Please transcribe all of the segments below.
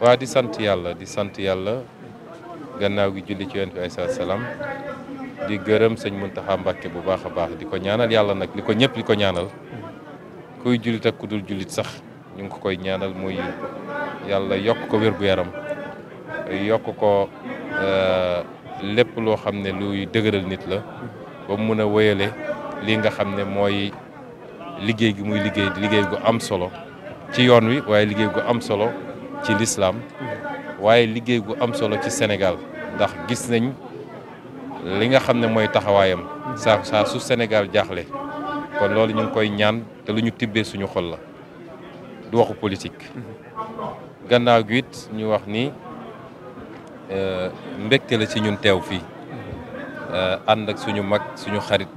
waa di sant yàlla di sant yàlla gannaaw gi julli ci yonent bi alayhi salaam di gërëm sëñ Muntaxa Mbàkke bu baax a baax di ko ñaanal yàlla nag li ko ñëpp li ko ñaanal kuy jullit ak ku dul jullit sax ñu ngi ko koy ñaanal muy yàlla yokk ko wér gu yaram yokk ko euh, lépp loo xam ne luy dëgëral nit la ba mu mun a wéyale li nga xam ne mooy liggéey gi muy liggéey liggéey gu am solo ci yoon wi waaye liggéey gu am solo ci lislaam waaye liggéey bu am solo ci Sénégal ndax gis nañ li nga xam ne mooy taxawaayam saa saa su Sénégal jaaxle kon loolu ñu ngi koy ñaan te lu ñu tibbee suñu xol la du waxu politique gannaaw gi it ñu wax ni euh, mbégte la ci ñun teew fii euh, ànd ak suñu mag suñu xarit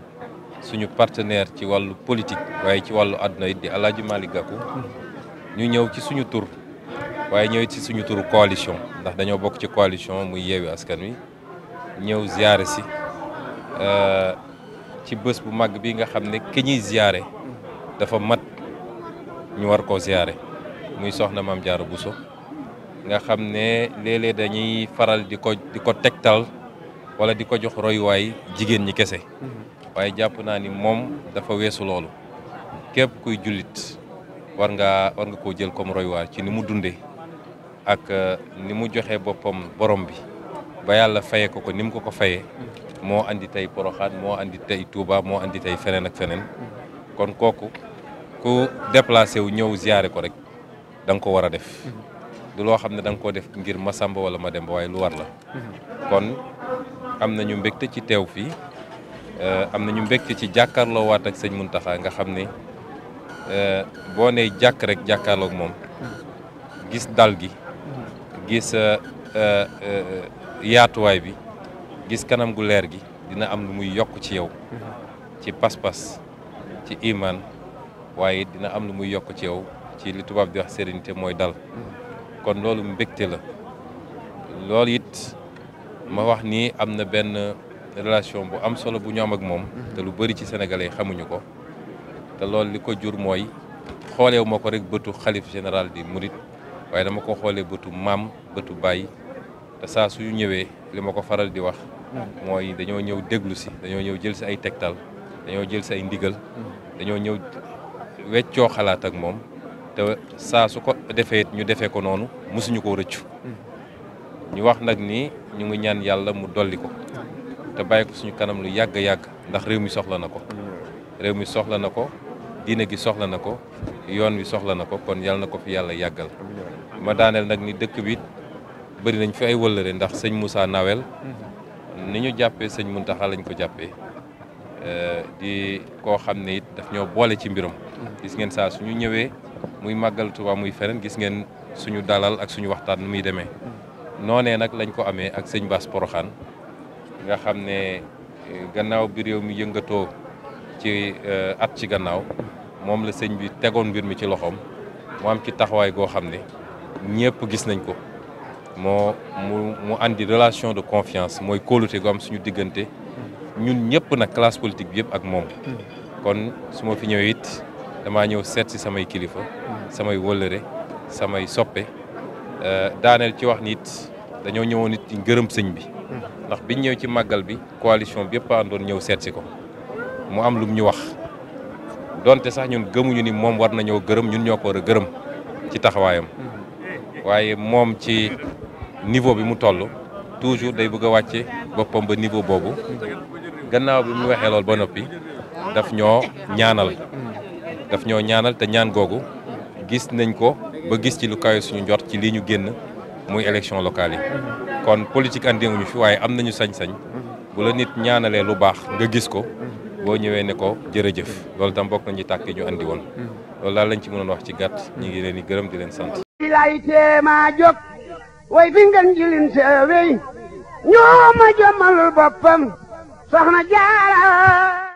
suñu partenaire ci wàllu politique waaye ci wàllu àdduna it di Alaaji Malick Gakou mm-hmm. ñu ñëw ci suñu tur waaye ñëw ci suñu turu coalition ndax dañoo bokk ci coalition muy yeewi askan wi ñëw ziare si euh, ci bés bu mag bi nga xam ne ki ñuy ziare dafa mat ñu war koo ziare muy soxna maam Diarra Bousso nga xam ne léeg-léeg dañuy faral di ko di ko tegtal wala di ko jox royuwaay jigéen ñi kese mm-hmm. waaye jàpp naa ni moom dafa weesu loolu képp kuy jullit war nga war nga koo jël comme royuwaay ci ni mu dundee ak euh, ni mu joxe boppam borom bi ba yàlla faye ko ko ni mu ko ko fayee moo indi tey Porokhane moo indi tey Touba moo indi tey feneen ak feneen kon kooku ku déplacé wu ñëw ziyaare ko rek danga ko war a def du loo xam ne danga nga koo def ngir ma Masamba wala ma Demba waaye lu war la kon am nañu mbégte ci teew fii euh, am nañu mbégte ci jàkkaarloowaat waat ak sëñ Muntaxa nga xam ne euh, boo nee jàkk rek jàkkaarloog moom gis dal gi gis euh, euh, yaatuwaay bi gis kanam gu leer gi dina am lu muy yokk ci yow ci paspas ci iman waaye dina am lu muy yokk ci yow ci li tubaab bi wax sérénité mooy dal kon loolu mbégte la loolu it ma wax ni am na benn relation bu am solo bu ñu am ak moom te lu bëri ci sénégalais xamuñu ko te loolu li ko jur mooy xooleewu ko rek bëtu xalif général di murit waaye dama ko xoolee bëtu maam bëtu baay te saa suyu ñëwee li ma ko faral di wax mooy dañoo ñëw déglu si dañoo ñëw jël si ay tegtal dañoo jël si ay ndigal dañoo ñëw weccoo xalaat ak moom te saa su ko defee ñu defee ko noonu mosuñu koo rëccu ñu wax nag ni ñu ngi ñaan yàlla mu dolli ko te bàyyi ko suñu kanam lu yàgg yàgg ndax réew mi soxla na ko réew mi soxla na ko diine gi soxla na ko yoon wi soxla na ko kon yàlla na ko fi yàlla yàggal ma daaneel nag ni dëkk bi bëri nañ fi ay wëllëre ndax sëñ Moussa Nawel ni ñu jàppee sëñ Muntaxa lañ ko jàppee euh, di koo xam ne it daf ñoo boole ci mbiram gis ngeen saa suñu ñëwee muy màggal muy feneen gis ngeen suñu dalal ak suñu waxtaan nu muy demee noonee nag lañ ko amee ak sëñ Bass Poroxaan nga xam ne euh, gannaaw bi réew mi yëngatoo ci euh, at ci gannaaw moom la sëñ bi tegoon mbir mi ci loxoom mu am ci taxawaay goo xam ne ñëpp gis nañ ko moo mu mu andi relation de confiance mooy kóolute gu am suñu diggante ñun ñëpp nag classe politique bi yëpp ak moom. kon suma fi ñëwee it damaa ñëw seet si samay kilifa. samay wëllëre samay soppe euh, daaneel ci wax nit dañoo ñëwoon nit ci gërëm sëñ bi. ndax biñ ñëw ci màggal bi coalition bi yëpp a àndoon ñëw seet si ko mu am lum ñu wax doonte sax ñun gëmuñu ni moom war nañoo gërëm ñun ñoo ko war a gërëm ci taxawaayam. waaye moom ci niveau bi mu toll toujours day bëgg a wàcce boppam ba niveau boobu gannaaw bi mu waxee lool ba noppi daf ñoo ñaanal daf ñoo ñaanal te ñaan googu gis nañ ko ba gis ci lu kawe suñu njort ci lii ñu génn muy élection locale yi kon politique andiwuñu fi waaye am nañu sañ-sañ bu la nit ñaanalee lu baax nga gis ko boo ñëwee ne ko jërëjëf loolu tam bokk nañu tàkk ñu andi woon loolu daal lañ ci mënoon wax ci gàtt ñu ngi leen di gërëm di leen sant bilaay teema jóg way fi ngeen jilin seewey ñoo ma jëmalul boppam soxna jaara